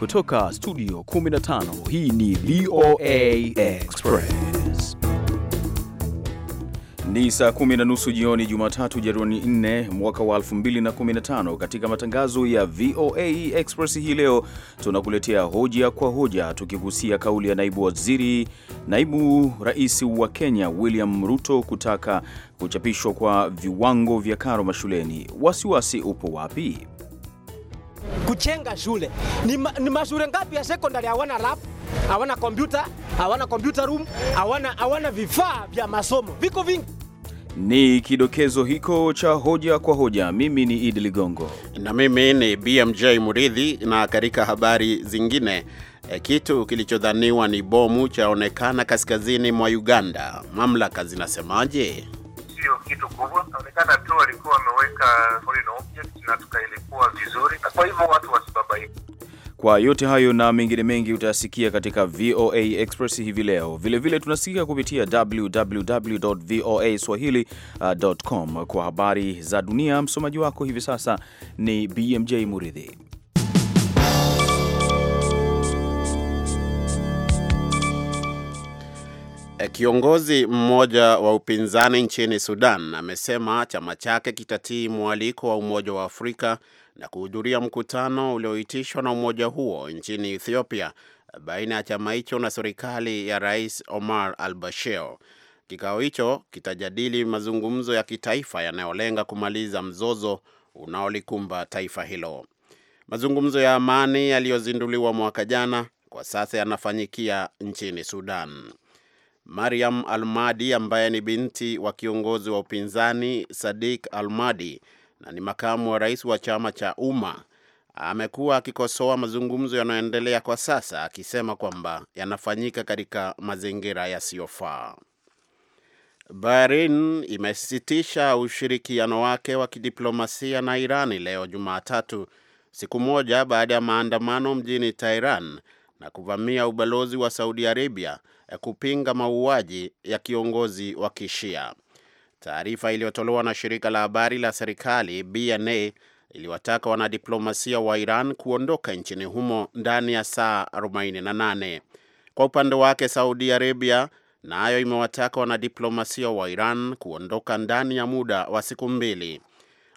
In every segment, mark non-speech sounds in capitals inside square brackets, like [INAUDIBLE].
Kutoka studio 15 hii ni VOA Express. Ni saa kumi na nusu jioni Jumatatu, Januari 4 mwaka wa 2015. Katika matangazo ya VOA Express hii leo tunakuletea hoja kwa hoja, tukigusia kauli ya naibu waziri, naibu rais wa Kenya William Ruto kutaka kuchapishwa kwa viwango vya karo mashuleni. Wasiwasi upo wapi? kuchenga shule ni, ma, ni mashule ngapi ya sekondari hawana lab, hawana kompyuta, hawana kompyuta room, hawana hawana vifaa vya masomo, viko vingi. Ni kidokezo hiko cha hoja kwa hoja. Mimi ni Idi Ligongo na mimi ni BMJ Muridhi. Na katika habari zingine, eh, kitu kilichodhaniwa ni bomu chaonekana kaskazini mwa Uganda. Mamlaka zinasemaje? Sio kitu kubwa, kaonekana Kwa yote hayo na mengine mengi utayasikia katika VOA Express hivi leo. Vilevile tunasikika kupitia www voa swahili.com. Uh, Kwa habari za dunia, msomaji wako hivi sasa ni BMJ Muridhi. Eh, kiongozi mmoja wa upinzani nchini Sudan amesema chama chake kitatii mwaliko wa Umoja wa Afrika na kuhudhuria mkutano ulioitishwa na umoja huo nchini Ethiopia baina ya chama hicho na serikali ya Rais Omar al-Bashir. Kikao hicho kitajadili mazungumzo ya kitaifa yanayolenga kumaliza mzozo unaolikumba taifa hilo. Mazungumzo ya amani yaliyozinduliwa mwaka jana kwa sasa yanafanyikia nchini Sudan. Mariam Almadi ambaye ni binti wa kiongozi wa upinzani Sadik Almadi na ni makamu wa rais wa chama cha Umma, amekuwa akikosoa mazungumzo yanayoendelea kwa sasa, akisema kwamba yanafanyika katika mazingira yasiyofaa. Bahrain imesitisha ushirikiano wake wa kidiplomasia na Irani leo Jumatatu, siku moja baada ya maandamano mjini Tehran na kuvamia ubalozi wa Saudi Arabia eh, kupinga mauaji ya kiongozi wa Kishia. Taarifa iliyotolewa na shirika la habari la serikali BNA iliwataka wanadiplomasia wa Iran kuondoka nchini humo ndani ya saa 48. Kwa upande wake, Saudi Arabia nayo na imewataka wanadiplomasia wa Iran kuondoka ndani ya muda wa siku mbili.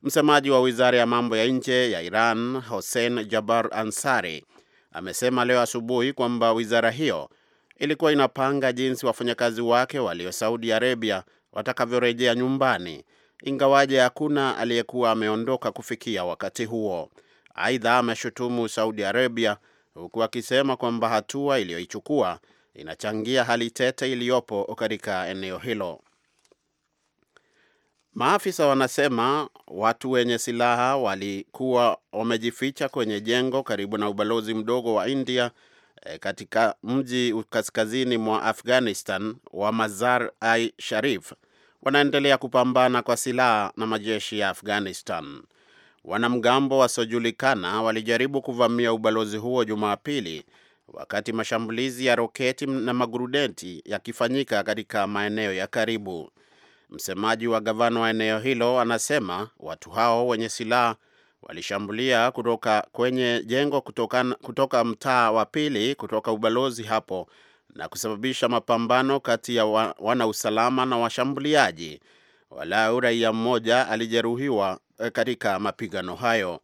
Msemaji wa wizara ya mambo ya nje ya Iran Hossein Jabar Ansari amesema leo asubuhi kwamba wizara hiyo ilikuwa inapanga jinsi wafanyakazi wake walio Saudi Arabia watakavyorejea nyumbani, ingawaje hakuna aliyekuwa ameondoka kufikia wakati huo. Aidha, ameshutumu Saudi Arabia huku akisema kwamba hatua iliyoichukua inachangia hali tete iliyopo katika eneo hilo. Maafisa wanasema watu wenye silaha walikuwa wamejificha kwenye jengo karibu na ubalozi mdogo wa India e, katika mji kaskazini mwa Afghanistan wa Mazar-i Sharif wanaendelea kupambana kwa silaha na majeshi ya Afghanistan. Wanamgambo wasiojulikana walijaribu kuvamia ubalozi huo Jumapili wakati mashambulizi ya roketi na magurudeti yakifanyika katika maeneo ya karibu. Msemaji wa gavana wa eneo hilo anasema watu hao wenye silaha walishambulia kutoka kwenye jengo kutoka, kutoka mtaa wa pili kutoka ubalozi hapo na kusababisha mapambano kati ya wanausalama na washambuliaji. Walau raia mmoja alijeruhiwa eh, katika mapigano hayo.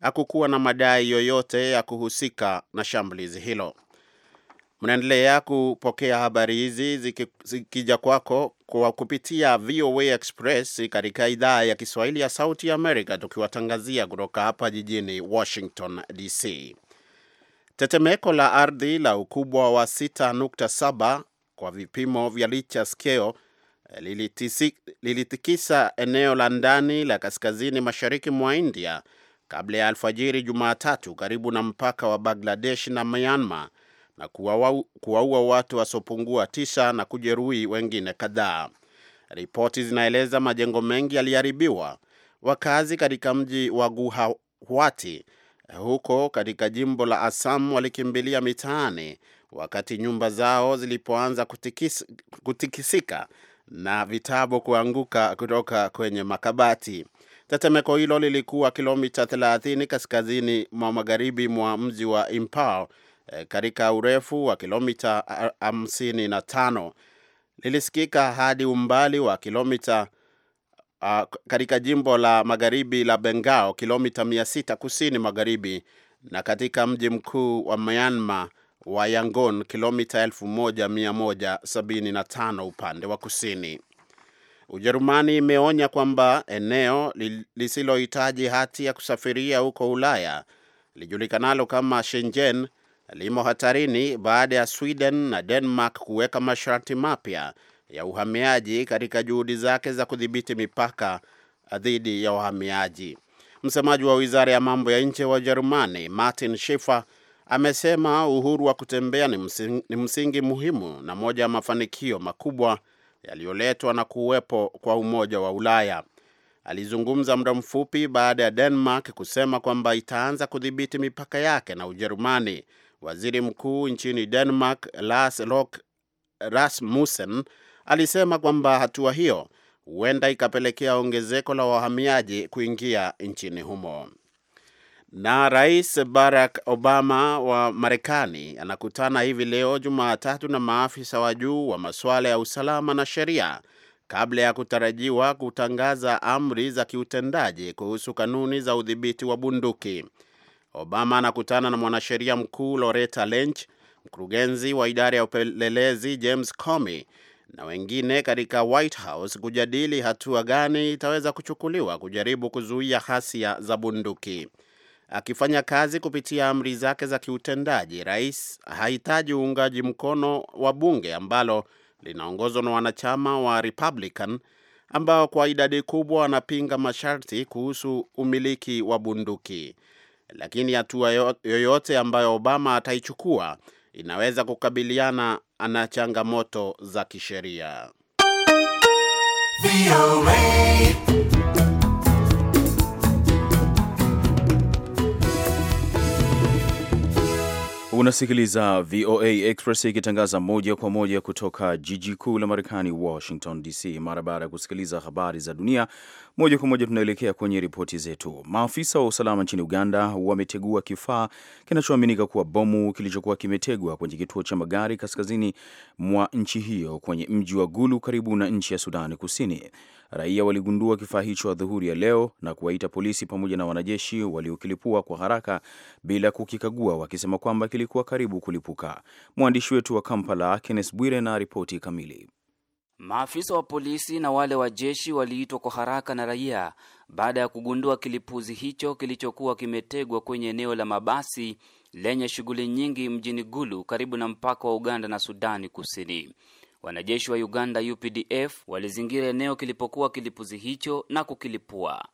Hakukuwa na madai yoyote ya kuhusika na shambulizi hilo. Mnaendelea kupokea habari hizi zikija kwako kwa kupitia VOA Express katika idhaa ya Kiswahili ya Sauti ya Amerika, tukiwatangazia kutoka hapa jijini Washington DC. Tetemeko la ardhi la ukubwa wa 6.7 kwa vipimo vya Richter scale eh, lilitikisa eneo la ndani la kaskazini mashariki mwa India kabla ya alfajiri Jumatatu karibu na mpaka wa Bangladesh na Myanmar na kuwaua watu wasiopungua tisa na kujeruhi wengine kadhaa. Ripoti zinaeleza majengo mengi yaliharibiwa. Wakazi katika mji wa Guwahati huko katika jimbo la Assam walikimbilia mitaani wakati nyumba zao zilipoanza kutikis, kutikisika na vitabu kuanguka kutoka kwenye makabati. Tetemeko hilo lilikuwa kilomita 30 kaskazini mwa magharibi mwa mji wa Impal eh, katika urefu wa kilomita 55. Ah, Lilisikika hadi umbali wa kilomita uh, katika jimbo la magharibi la bengao kilomita 600 kusini magharibi, na katika mji mkuu wa Myanmar wa Yangon, kilomita 1175 upande wa kusini. Ujerumani imeonya kwamba eneo lisilohitaji hati ya kusafiria huko Ulaya lijulikanalo kama Schengen limo hatarini baada ya Sweden na Denmark kuweka masharti mapya ya uhamiaji katika juhudi zake za kudhibiti mipaka uh, dhidi ya wahamiaji. Msemaji wa wizara ya mambo ya nje wa Ujerumani Martin Schiffer amesema uhuru wa kutembea ni msingi, ni msingi muhimu na moja ya mafanikio makubwa yaliyoletwa na kuwepo kwa Umoja wa Ulaya. Alizungumza muda mfupi baada ya Denmark kusema kwamba itaanza kudhibiti mipaka yake na Ujerumani. Waziri mkuu nchini Denmark Lars Rasmussen alisema kwamba hatua hiyo huenda ikapelekea ongezeko la wahamiaji kuingia nchini humo. Na Rais Barack Obama wa Marekani anakutana hivi leo Jumatatu na maafisa wa juu wa masuala ya usalama na sheria kabla ya kutarajiwa kutangaza amri za kiutendaji kuhusu kanuni za udhibiti wa bunduki. Obama anakutana na mwanasheria mkuu Loretta Lynch, mkurugenzi wa idara ya upelelezi James Comey na wengine katika White House kujadili hatua gani itaweza kuchukuliwa kujaribu kuzuia ghasia za bunduki. Akifanya kazi kupitia amri zake za kiutendaji, rais hahitaji uungaji mkono wa bunge ambalo linaongozwa na wanachama wa Republican ambao kwa idadi kubwa wanapinga masharti kuhusu umiliki wa bunduki. Lakini hatua yoyote ambayo Obama ataichukua inaweza kukabiliana ana changamoto za kisheria. Unasikiliza VOA Express ikitangaza moja kwa moja kutoka jiji kuu la Marekani, Washington DC. Mara baada ya kusikiliza habari za dunia, moja kwa moja tunaelekea kwenye ripoti zetu. Maafisa wa usalama nchini Uganda wametegua kifaa kinachoaminika kuwa bomu kilichokuwa kimetegwa kwenye kituo cha magari kaskazini mwa nchi hiyo kwenye mji wa Gulu karibu na nchi ya Sudani Kusini. Raia waligundua kifaa hicho adhuhuri ya leo na kuwaita polisi pamoja na wanajeshi waliokilipua kwa haraka bila kukikagua, wakisema kwamba kilikuwa karibu kulipuka. Mwandishi wetu wa Kampala, Kenneth Bwire, na ripoti kamili. Maafisa wa polisi na wale wa jeshi waliitwa kwa haraka na raia baada ya kugundua kilipuzi hicho kilichokuwa kimetegwa kwenye eneo la mabasi lenye shughuli nyingi mjini Gulu karibu na mpaka wa Uganda na Sudani Kusini. Wanajeshi wa Uganda UPDF walizingira eneo kilipokuwa kilipuzi hicho na kukilipua.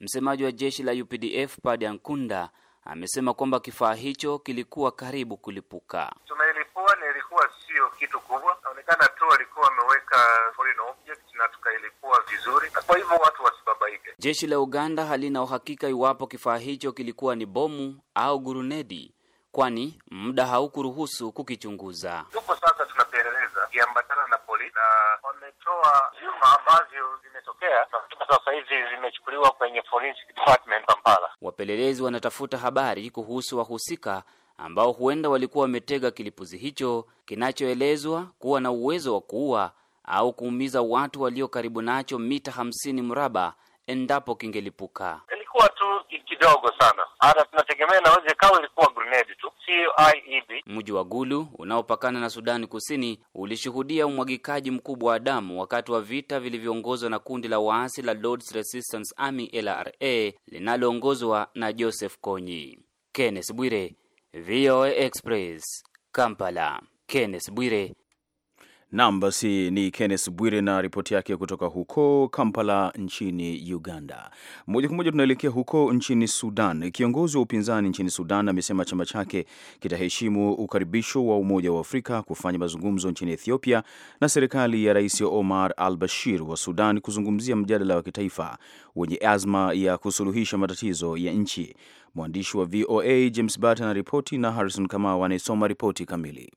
Msemaji wa jeshi la UPDF Padi Ankunda amesema kwamba kifaa hicho kilikuwa karibu kulipuka. Tumelipua, ilikuwa sio kitu kubwa, naonekana tu walikuwa wameweka foreign object na tukailipua vizuri, na kwa hivyo watu wasibabaike. Jeshi la Uganda halina uhakika iwapo kifaa hicho kilikuwa ni bomu au gurunedi, kwani muda haukuruhusu kukichunguza. Tuko sasa tunapeleleza kiambatana na polisi, na wametoa vyuma ambavyo vimetokea na sasa hivi zimechukuliwa kwenye forensic department Kampala. Wapelelezi wanatafuta habari kuhusu wahusika ambao huenda walikuwa wametega kilipuzi hicho kinachoelezwa kuwa na uwezo wa kuua au kuumiza watu walio karibu nacho mita hamsini mraba endapo kingelipuka. Ilikuwa tu kidogo sana, hata tunategemea naweze kawa ilikuwa grenade tu, sio e Mji wa Gulu unaopakana na Sudani Kusini ulishuhudia umwagikaji mkubwa wa damu wakati wa vita vilivyoongozwa na kundi la waasi la Lords Resistance Army LRA linaloongozwa na Joseph Kony. Kenneth Bwire VOA e Express Kampala, Kenneth Bwire Naam, basi ni Kenneth Bwire na ripoti yake kutoka huko Kampala nchini Uganda. Moja kwa moja tunaelekea huko nchini Sudan. Kiongozi wa upinzani nchini Sudan amesema chama chake kitaheshimu ukaribisho wa Umoja wa Afrika kufanya mazungumzo nchini Ethiopia na serikali ya Rais Omar al-Bashir wa Sudan kuzungumzia mjadala wa kitaifa wenye azma ya kusuluhisha matatizo ya nchi. Mwandishi wa VOA James Bat anaripoti na Harrison Kamau anayesoma ripoti kamili.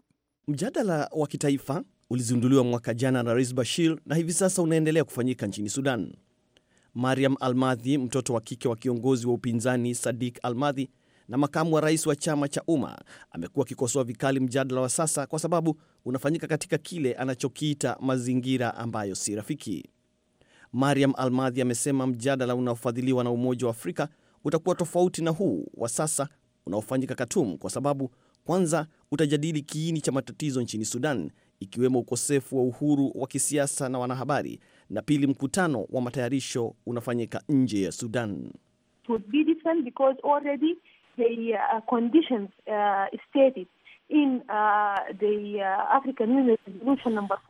Mjadala wa kitaifa ulizinduliwa mwaka jana na Rais Bashir na hivi sasa unaendelea kufanyika nchini Sudan. Mariam Almadhi, mtoto wa kike wa kiongozi wa upinzani Sadik Almadhi na makamu wa rais wa chama cha Umma, amekuwa akikosoa vikali mjadala wa sasa kwa sababu unafanyika katika kile anachokiita mazingira ambayo si rafiki. Mariam Almadhi amesema mjadala unaofadhiliwa na Umoja wa Afrika utakuwa tofauti na huu wa sasa unaofanyika katum kwa sababu kwanza utajadili kiini cha matatizo nchini Sudan ikiwemo ukosefu wa uhuru wa kisiasa na wanahabari, na pili, mkutano wa matayarisho unafanyika nje ya Sudan. It would be uh, uh,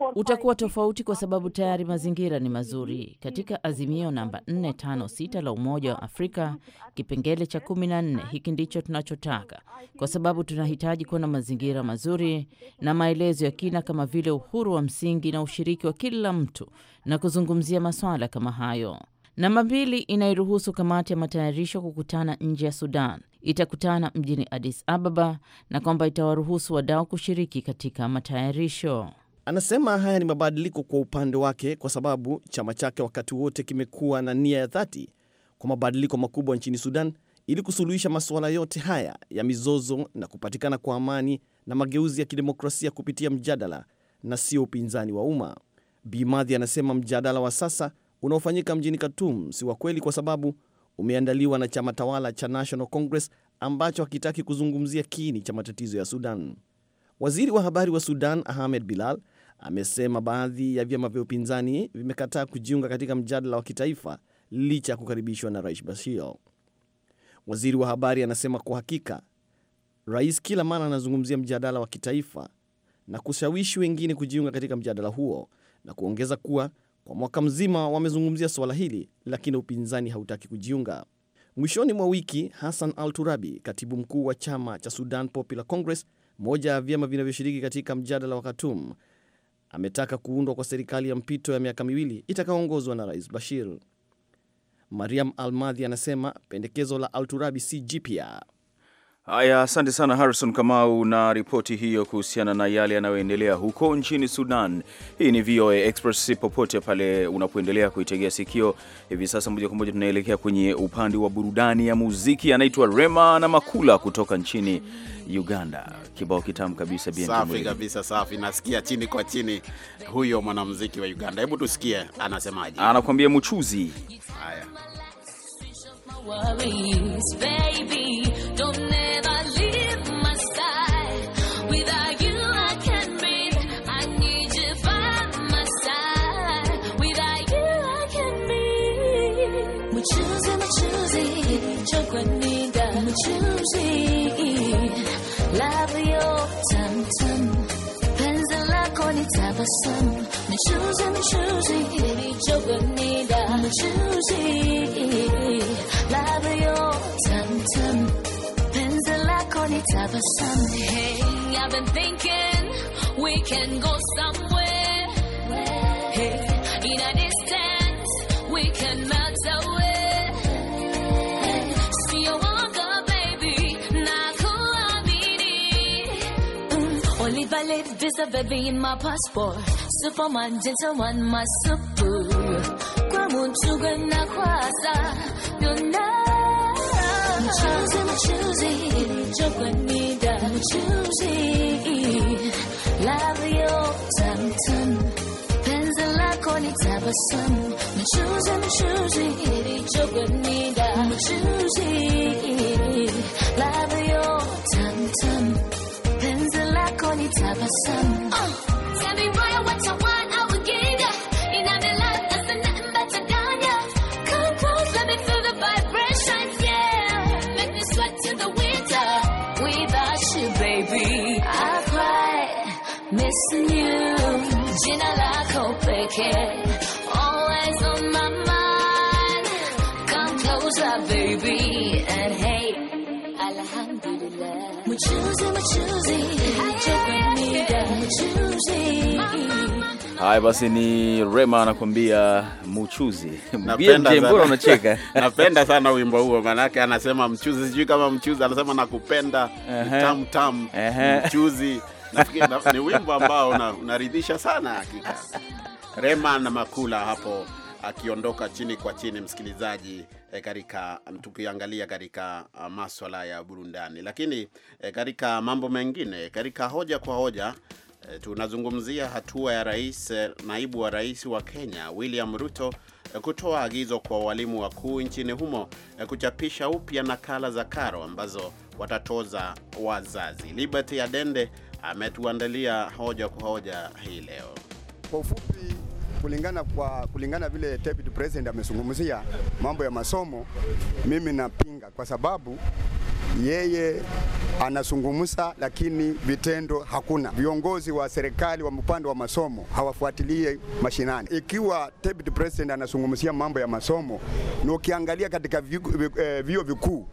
uh, utakuwa tofauti kwa sababu tayari mazingira ni mazuri katika azimio namba 456 la Umoja wa Afrika kipengele cha 14. Hiki ndicho tunachotaka kwa sababu tunahitaji kuwa na mazingira mazuri na maelezo ya kina kama vile uhuru wa msingi na ushiriki wa kila mtu na kuzungumzia masuala kama hayo. Namba mbili inairuhusu kamati ya matayarisho kukutana nje ya Sudan itakutana mjini Addis Ababa na kwamba itawaruhusu wadau kushiriki katika matayarisho. Anasema haya ni mabadiliko kwa upande wake, kwa sababu chama chake wakati wote kimekuwa na nia ya dhati kwa mabadiliko makubwa nchini Sudan ili kusuluhisha masuala yote haya ya mizozo na kupatikana kwa amani na mageuzi ya kidemokrasia kupitia mjadala na sio upinzani wa umma. Bimadhi anasema mjadala wa sasa unaofanyika mjini Khartoum si wa kweli kwa sababu umeandaliwa na chama tawala cha National Congress ambacho hakitaki kuzungumzia kiini cha matatizo ya Sudan. Waziri wa habari wa Sudan Ahmed Bilal amesema baadhi ya vyama vya upinzani vimekataa kujiunga katika mjadala wa kitaifa licha ya kukaribishwa na Rais Bashir. Waziri wa habari anasema kwa hakika rais kila mara anazungumzia mjadala wa kitaifa na kushawishi wengine kujiunga katika mjadala huo na kuongeza kuwa kwa mwaka mzima wamezungumzia suala hili, lakini upinzani hautaki kujiunga. Mwishoni mwa wiki, Hassan Al Turabi, katibu mkuu wa chama cha Sudan Popular Congress, moja ya vyama vinavyoshiriki katika mjadala wa Khartoum, ametaka kuundwa kwa serikali ya mpito ya miaka miwili itakayoongozwa na Rais Bashir. Mariam Almadhi anasema pendekezo la Alturabi si jipya Haya, asante sana Harrison Kamau na ripoti hiyo kuhusiana na yale yanayoendelea huko nchini Sudan. Hii ni VOA Express, popote pale unapoendelea kuitegea sikio hivi sasa. Moja kwa moja tunaelekea kwenye upande wa burudani ya muziki. Anaitwa Rema na Makula kutoka nchini Uganda. Kibao kitamu kabisa, safi kabisa, safi. Nasikia chini kwa chini huyo mwanamuziki wa Uganda. Hebu tusikie anasemaje, anakuambia mchuzi. Haya. corazón. Me choose, me choose, baby, yo bonita. Me choose, Pins tam tam. Penzela con itabasan. Hey, I've been thinking we can go somewhere. Hey, in a distance we can melt away. lips, visa baby in my passport. Superman, gentleman, my super. Kwa mchugwe na kwasa, choosing, Mchuzi, mchuzi, I'm choosing. love yo, tam tam. Penzi lako ni tabasamu. Mchuzi, mchuzi, chokwe nida. Mchuzi, love yo, tum tum lako ni tabasamu uh. Ah. Haya basi, ni Rema anakuambia mchuzi. Mbona unacheka? [LAUGHS] Napenda sana wimbo huo, maanake anasema mchuzi, sijui kama mchuzi, anasema nakupenda tam tam mchuzi. Nafikiri ni wimbo ambao unaridhisha sana hakika. Rema na Makula hapo akiondoka chini kwa chini, msikilizaji e, katika tukiangalia katika ah, maswala ya burundani, lakini e, katika mambo mengine, katika hoja kwa hoja Eh, tunazungumzia hatua ya rais, eh, naibu wa rais wa Kenya William Ruto eh, kutoa agizo kwa walimu wakuu nchini humo kuchapisha upya nakala za karo ambazo watatoza wazazi. Liberty Adende ametuandalia hoja kwa hoja hii leo. Kwa ufupi, kulingana kwa kulingana vile Deputy President amezungumzia mambo ya masomo, mimi napinga kwa sababu yeye anazungumza lakini vitendo hakuna. Viongozi wa serikali wa upande wa masomo hawafuatilie mashinani. Ikiwa deputy president anazungumzia mambo ya masomo, na ukiangalia katika eh, vyuo vikuu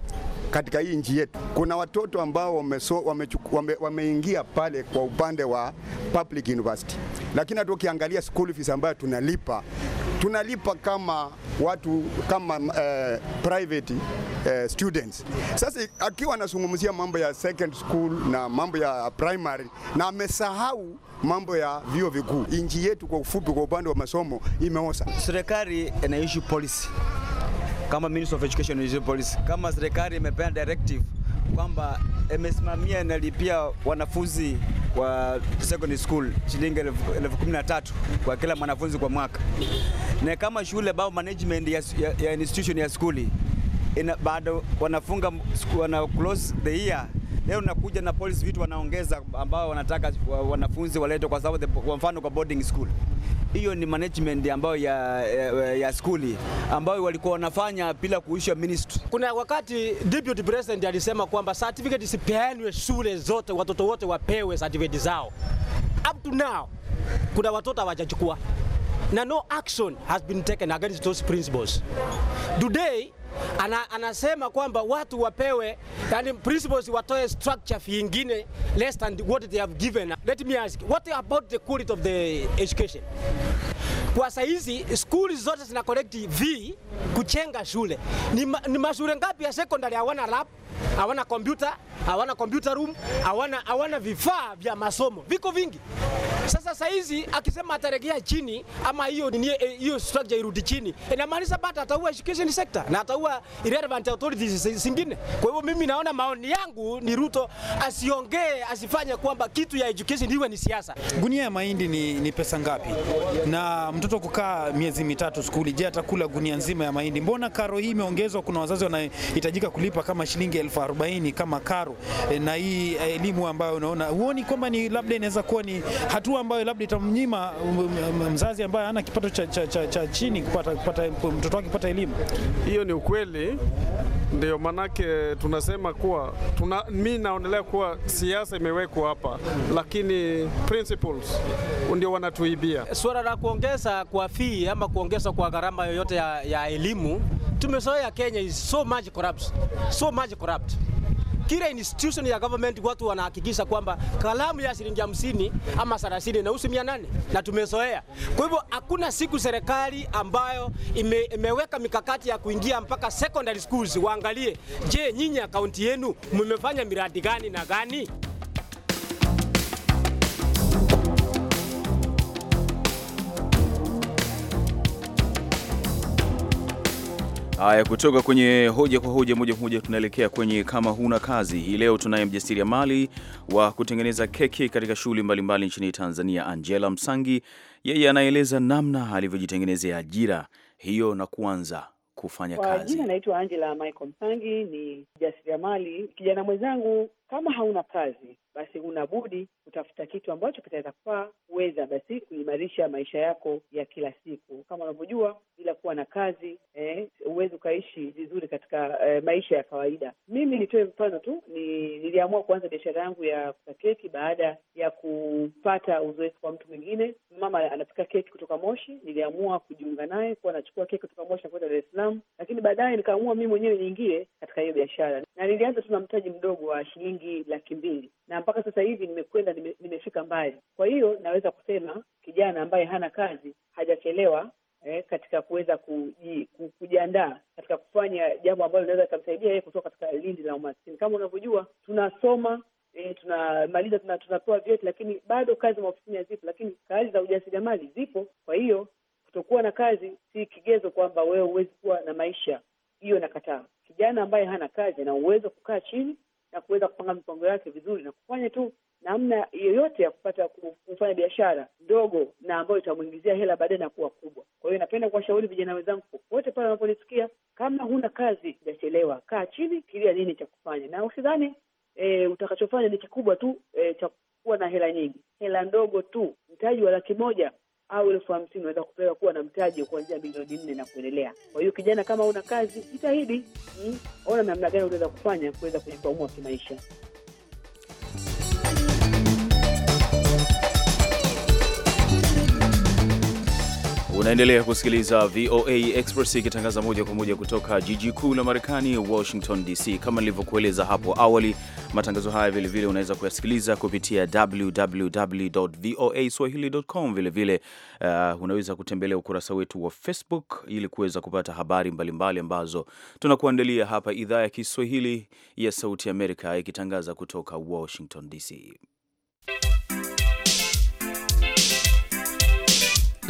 katika hii nchi yetu kuna watoto ambao wameingia wame, wame pale kwa upande wa public university, lakini hata ukiangalia school fees ambayo tunalipa tunalipa kama watu kama eh, private eh, students. Sasa akiwa anazungumzia mambo ya second school na mambo ya primary na amesahau mambo ya vyuo vikuu. Nchi yetu kwa ufupi, kwa upande wa masomo imeosa. Serikali ina issue policy kama Minister of Education issue policy, kama serikali imepea directive kwamba imesimamia inalipia wanafunzi wa secondary school shilingi elfu kumi na tatu kwa kila mwanafunzi kwa mwaka, na kama shule bao management ya, ya, ya institution ya skuli bado wanafunga wana close the year Leo nakuja na polisi vitu wanaongeza ambao wanataka wanafunzi walete, kwa sababu kwa mfano kwa boarding school hiyo ni management ambayo ya, ya, ya skuli ambayo walikuwa wanafanya bila kuisha ministry. Kuna wakati deputy president alisema kwamba certificate sipeanwe shule zote, watoto wote wapewe certificate zao. Up to now kuna watoto hawajachukua na no action has been taken against those principles. Today ana, anasema kwamba watu wapewe yani principles watoe structure vingine less than what they have given. Let me ask, what about the quality of the education? Kwa saa hizi skuli zote zina collect V kuchenga shule. Ni, ma, ni mashule ngapi ya secondary hawana lab, hawana kompyuta, hawana computer room, hawana hawana vifaa vya masomo, viko vingi. Sasa saa hizi akisema ataregea chini ama hiyo hiyo structure irudi chini, inamaanisha bado ataua education sector na ataua irrelevant authorities zingine. Kwa hivyo mimi naona maoni yangu ni Ruto asiongee, asifanye kwamba kitu ya education iwe ni siasa. Gunia ya mahindi ni, ni pesa ngapi? na mtoto kukaa miezi mitatu skuli, je, atakula gunia nzima ya mahindi? Mbona karo hii imeongezwa? Kuna wazazi wanahitajika kulipa kama shilingi elfu arobaini kama karo e, na hii e, elimu ambayo unaona, huoni kwamba ni labda inaweza kuwa ni hatua ambayo labda itamnyima um, um, um, mzazi ambaye hana kipato cha, cha, cha, cha chini kupata, kupata, mtoto wake kupata elimu? Hiyo ni ukweli ndio manake tunasema kuwa tuna, mi naonelea kuwa siasa imewekwa hapa, lakini principles ndio wanatuibia. Suala la kuongeza kwa fee ama kuongeza kwa gharama yoyote ya, ya elimu, tumezoea Kenya is so much corrupt, so much corrupt kila institution ya government watu wanahakikisha kwamba kalamu ya shilingi hamsini ama thelathini inahusu mia nane na tumezoea. Kwa hivyo hakuna siku serikali ambayo ime, imeweka mikakati ya kuingia mpaka secondary schools waangalie, je, nyinyi akaunti yenu mmefanya miradi gani na gani? Haya, kutoka kwenye hoja kwa hoja, moja kwa moja tunaelekea kwenye kama huna kazi. Hii leo tunaye mjasiriamali wa kutengeneza keki katika shughuli mbalimbali nchini Tanzania, Angela Msangi. Yeye anaeleza namna alivyojitengenezea ajira hiyo na kuanza kufanya kwa kazi. Jina naitwa Angela Michael Msangi, ni mjasiriamali kijana mwenzangu kama hauna kazi, basi unabudi kutafuta kitu ambacho kitaweza kufaa kuweza basi kuimarisha maisha yako ya kila siku. Kama unavyojua, bila kuwa na kazi eh, huwezi eh, ukaishi vizuri katika eh, maisha ya kawaida. Mimi nitoe mfano tu, ni niliamua kuanza biashara yangu ya kupika keki baada ya kupata uzoefu kwa mtu mwingine. Mama anapika keki kutoka Moshi, niliamua kujiunga naye kuwa anachukua keki kutoka Moshi na kwenda Dar es Salaam, lakini baadaye nikaamua mimi mwenyewe niingie katika hiyo biashara, na nilianza tu na mtaji mdogo wa shilingi shilingi laki mbili na mpaka sasa hivi nimekwenda nime, nimefika mbali. Kwa hiyo naweza kusema kijana ambaye hana kazi hajachelewa eh, katika kuweza kujiandaa katika kufanya jambo ambalo linaweza likamsaidia yeye kutoka katika lindi la umaskini. Kama unavyojua tunasoma E, tunamaliza tuna, tunapewa vyeti lakini bado kazi maofisini hazipo, lakini kazi za ujasiriamali zipo. Kwa hiyo kutokuwa na kazi si kigezo kwamba wewe huwezi kuwa na maisha, hiyo nakataa. Kijana ambaye hana kazi ana uwezo kukaa chini na kuweza kupanga mipango yake vizuri na kufanya tu namna yoyote ya kupata kufanya biashara ndogo na ambayo itamwingizia hela baadaye na kuwa kubwa. Kwa hiyo napenda kuwashauri vijana wenzangu popote pale wanaponisikia, kama huna kazi, hujachelewa, kaa chini, kilia nini cha kufanya, na usidhani e, utakachofanya ni kikubwa tu e, cha kuwa na hela nyingi. Hela ndogo tu, mtaji wa laki moja au elfu hamsini unaweza kupewa kuwa na mtaji kuanzia milioni nne na kuendelea. Kwa hiyo kijana, kama una kazi jitahidi, mm, ona namna gani unaweza kufanya kuweza kujikwamua kimaisha. Unaendelea kusikiliza VOA Express ikitangaza moja kwa moja kutoka jiji kuu la Marekani, Washington DC. Kama nilivyokueleza hapo awali, matangazo haya vilevile unaweza kuyasikiliza kupitia www voa swahili.com. Vilevile uh, unaweza kutembelea ukurasa wetu wa Facebook ili kuweza kupata habari mbalimbali ambazo mbali tunakuandalia hapa idhaa ya Kiswahili ya Sauti Amerika ikitangaza kutoka Washington DC.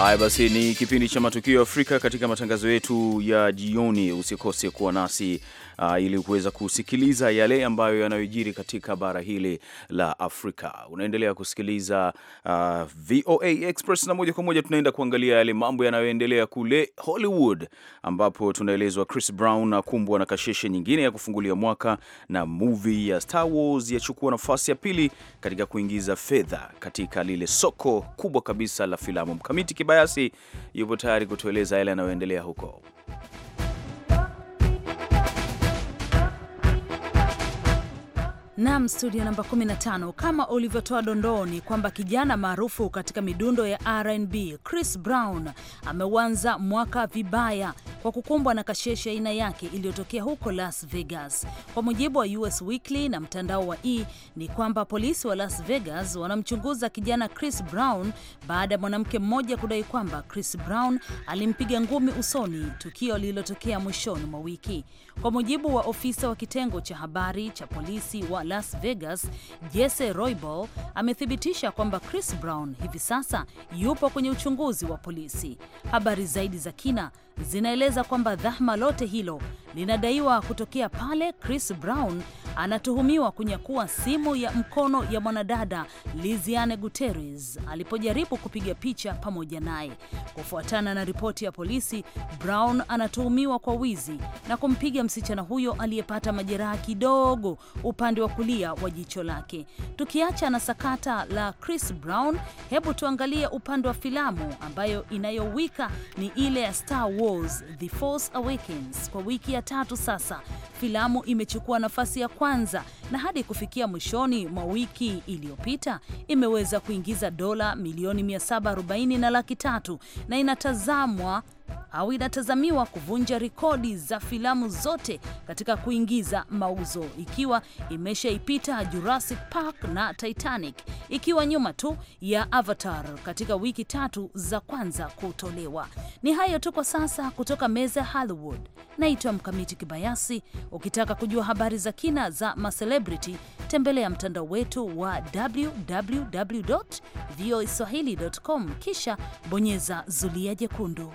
Haya basi, ni kipindi cha Matukio ya Afrika katika matangazo yetu ya jioni. Usikose kuwa nasi uh, ili kuweza kusikiliza yale ambayo yanayojiri katika bara hili la Afrika. Unaendelea kusikiliza uh, VOA Express, na moja kwa moja tunaenda kuangalia yale mambo yanayoendelea kule Hollywood, ambapo tunaelezwa Chris Brown akumbwa na kasheshe nyingine ya kufungulia mwaka, na movie ya Star Wars yachukua nafasi ya pili katika kuingiza fedha katika lile soko kubwa kabisa la filamu mkamiti Mkambayasi yupo tayari kutueleza yale yanayoendelea huko. Nam studio namba 15, kama ulivyotoa dondoo, ni kwamba kijana maarufu katika midundo ya RnB Chris Brown ameuanza mwaka vibaya kwa kukumbwa na kasheshe aina yake iliyotokea huko Las Vegas. Kwa mujibu wa US Weekly na mtandao wa E ni kwamba polisi wa Las Vegas wanamchunguza kijana Chris Brown baada ya mwanamke mmoja kudai kwamba Chris Brown alimpiga ngumi usoni, tukio lililotokea mwishoni mwa wiki. Kwa mujibu wa ofisa wa kitengo cha habari cha polisi wa Las Vegas, Jesse Roybal amethibitisha kwamba Chris Brown hivi sasa yupo kwenye uchunguzi wa polisi. Habari zaidi za kina zinaeleza kwamba dhahma lote hilo linadaiwa kutokea pale Chris Brown anatuhumiwa kunyakua simu ya mkono ya mwanadada Liziane Guterres alipojaribu kupiga picha pamoja naye. Kufuatana na ripoti ya polisi, Brown anatuhumiwa kwa wizi na kumpiga msichana huyo aliyepata majeraha kidogo upande wa kulia wa jicho lake. Tukiacha na sakata la Chris Brown, hebu tuangalie upande wa filamu ambayo inayowika ni ile ya Star Wars Wars The Force Awakens kwa wiki ya tatu sasa. Filamu imechukua nafasi ya kwanza na hadi kufikia mwishoni mwa wiki iliyopita imeweza kuingiza dola milioni 740 na laki tatu na inatazamwa au inatazamiwa kuvunja rekodi za filamu zote katika kuingiza mauzo, ikiwa imeshaipita Jurassic Park na Titanic, ikiwa nyuma tu ya Avatar katika wiki tatu za kwanza kutolewa. Ni hayo tu kwa sasa kutoka meza Hollywood. Naitwa Mkamiti Kibayasi. Ukitaka kujua habari za kina za macelebrity, tembelea mtandao wetu wa www.voaswahili.com, kisha bonyeza zulia jekundu.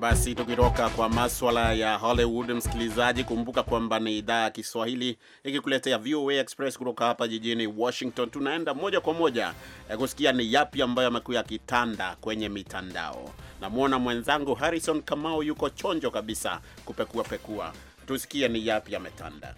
basi tukitoka kwa maswala ya Hollywood, msikilizaji, kumbuka kwamba ni idhaa ya Kiswahili ikikuletea VOA Express kutoka hapa jijini Washington. Tunaenda moja kwa moja ya eh, kusikia ni yapi ambayo amekuwa yakitanda kwenye mitandao. Namwona mwenzangu Harrison Kamau yuko chonjo kabisa kupekua pekua, tusikie ni yapi ametanda ya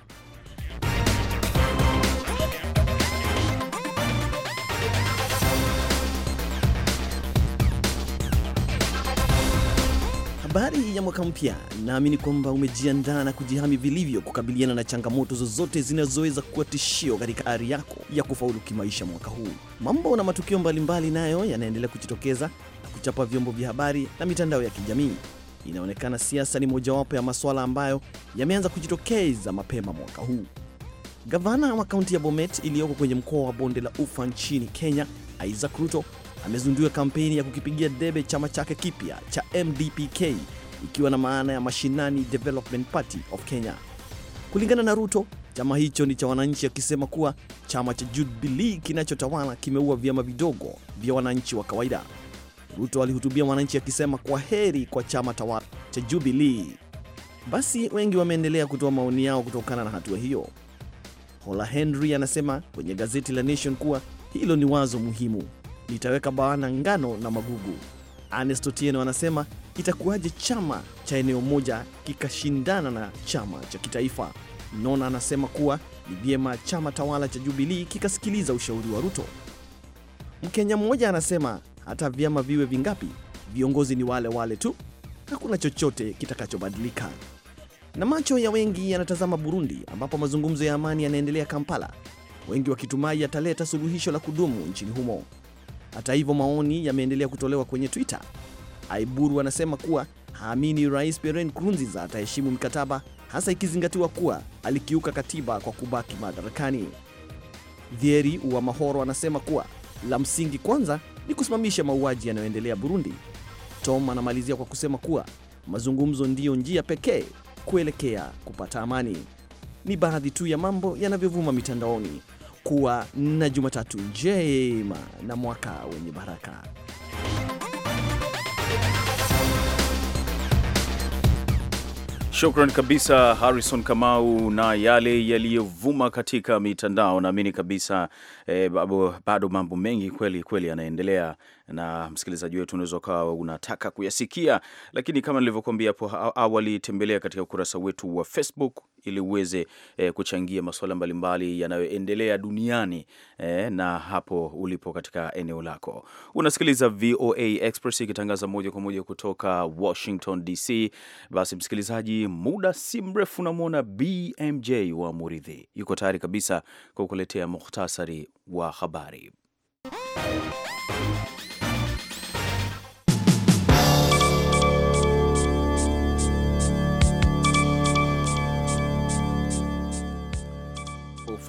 habari ya mwaka mpya, naamini kwamba umejiandaa na kujihami vilivyo kukabiliana na changamoto zozote zinazoweza kuwa tishio katika ari yako ya kufaulu kimaisha mwaka huu. Mambo na matukio mbalimbali nayo yanaendelea kujitokeza na kuchapa vyombo vya habari na mitandao ya kijamii. Inaonekana siasa ni mojawapo ya masuala ambayo yameanza kujitokeza mapema mwaka huu. Gavana wa kaunti ya Bomet iliyoko kwenye mkoa wa Bonde la Ufa nchini Kenya, Isaac Ruto amezindua kampeni ya kukipigia debe chama chake kipya cha MDPK ikiwa na maana ya Mashinani Development Party of Kenya. Kulingana na Ruto, chama hicho ni cha wananchi, akisema kuwa chama cha Jubilee kinachotawala kimeua vyama vidogo vya wananchi wa kawaida. Ruto alihutubia wananchi akisema kwa heri kwa chama tawala cha Jubilee. Basi wengi wameendelea kutoa maoni yao kutokana na hatua hiyo. Hola Henry anasema kwenye gazeti la Nation kuwa hilo ni wazo muhimu litaweka bawana ngano na magugu. Ernest Otieno anasema itakuwaje chama cha eneo moja kikashindana na chama cha kitaifa? Nona anasema kuwa ni vyema chama tawala cha Jubilii kikasikiliza ushauri wa Ruto. Mkenya mmoja anasema hata vyama viwe vingapi, viongozi ni wale wale tu, hakuna chochote kitakachobadilika. Na macho ya wengi yanatazama Burundi, ambapo mazungumzo ya amani yanaendelea Kampala, wengi wakitumai yataleta suluhisho la kudumu nchini humo. Hata hivyo, maoni yameendelea kutolewa kwenye Twitter. Aiburu anasema kuwa haamini Rais Pierre Nkurunziza ataheshimu mkataba, hasa ikizingatiwa kuwa alikiuka katiba kwa kubaki madarakani. Thieri wa Mahoro anasema kuwa la msingi kwanza ni kusimamisha mauaji yanayoendelea Burundi. Tom anamalizia kwa kusema kuwa mazungumzo ndiyo njia pekee kuelekea kupata amani. Ni baadhi tu ya mambo yanavyovuma mitandaoni kuwa na Jumatatu njema na mwaka wenye baraka. Shukran kabisa Harrison Kamau na yale yaliyovuma katika mitandao. Naamini kabisa eh, bado mambo mengi kweli kweli yanaendelea na msikilizaji wetu unaweza ukawa unataka kuyasikia, lakini kama nilivyokuambia hapo awali, tembelea katika ukurasa wetu wa Facebook ili uweze eh, kuchangia masuala mbalimbali yanayoendelea duniani eh, na hapo ulipo katika eneo lako. Unasikiliza VOA Express ikitangaza moja kwa moja kutoka Washington DC. Basi msikilizaji, muda si mrefu namwona BMJ wa Muridhi yuko tayari kabisa kwa kukuletea muhtasari wa habari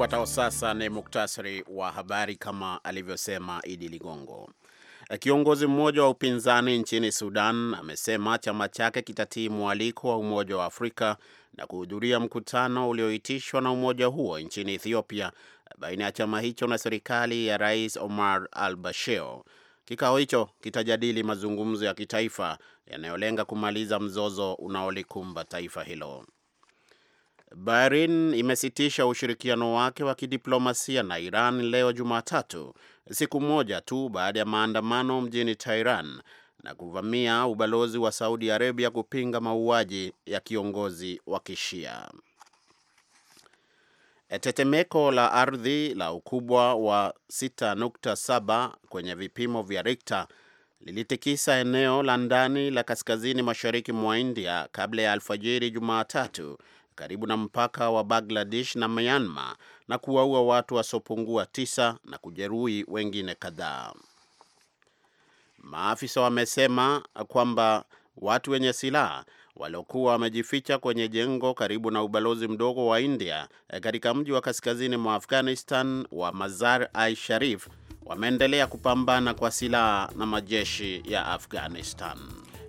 Ufuatao sasa ni muktasari wa habari kama alivyosema Idi Ligongo. Kiongozi mmoja wa upinzani nchini Sudan amesema chama chake kitatii mwaliko wa Umoja wa Afrika na kuhudhuria mkutano ulioitishwa na umoja huo nchini Ethiopia baina ya chama hicho na serikali ya Rais Omar al-Bashir. Kikao hicho kitajadili mazungumzo ya kitaifa yanayolenga kumaliza mzozo unaolikumba taifa hilo. Bahrain imesitisha ushirikiano wake wa kidiplomasia na Iran leo Jumatatu, siku moja tu baada ya maandamano mjini Tehran na kuvamia ubalozi wa Saudi Arabia kupinga mauaji ya kiongozi wa Kishia. Tetemeko la ardhi la ukubwa wa 6.7 kwenye vipimo vya Richter lilitikisa eneo la ndani la kaskazini mashariki mwa India kabla ya alfajiri Jumatatu karibu na mpaka wa Bangladesh na Myanmar na kuwaua watu wasiopungua tisa na kujeruhi wengine kadhaa. Maafisa wamesema kwamba watu wenye silaha waliokuwa wamejificha kwenye jengo karibu na ubalozi mdogo wa India eh, katika mji wa kaskazini mwa Afghanistan wa Mazar i Sharif wameendelea kupambana kwa silaha na majeshi ya Afghanistan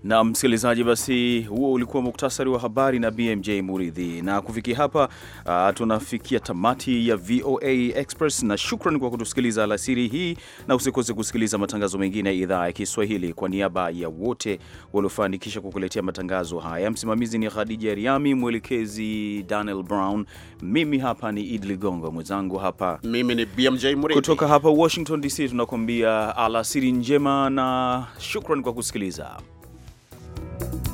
na msikilizaji, basi huo ulikuwa muktasari wa habari na BMJ Muridhi, na kufikia hapa uh, tunafikia tamati ya VOA Express, na shukran kwa kutusikiliza alasiri hii, na usikose kusikiliza matangazo mengine ya idhaa ya Kiswahili. Kwa niaba ya wote waliofanikisha kukuletea matangazo haya, msimamizi ni Khadija Riami, mwelekezi Daniel Brown, mimi hapa ni Idi Ligongo, mwenzangu hapa mimi ni BMJ Muridhi. Kutoka hapa Washington DC tunakuambia alasiri njema na shukran kwa kusikiliza. you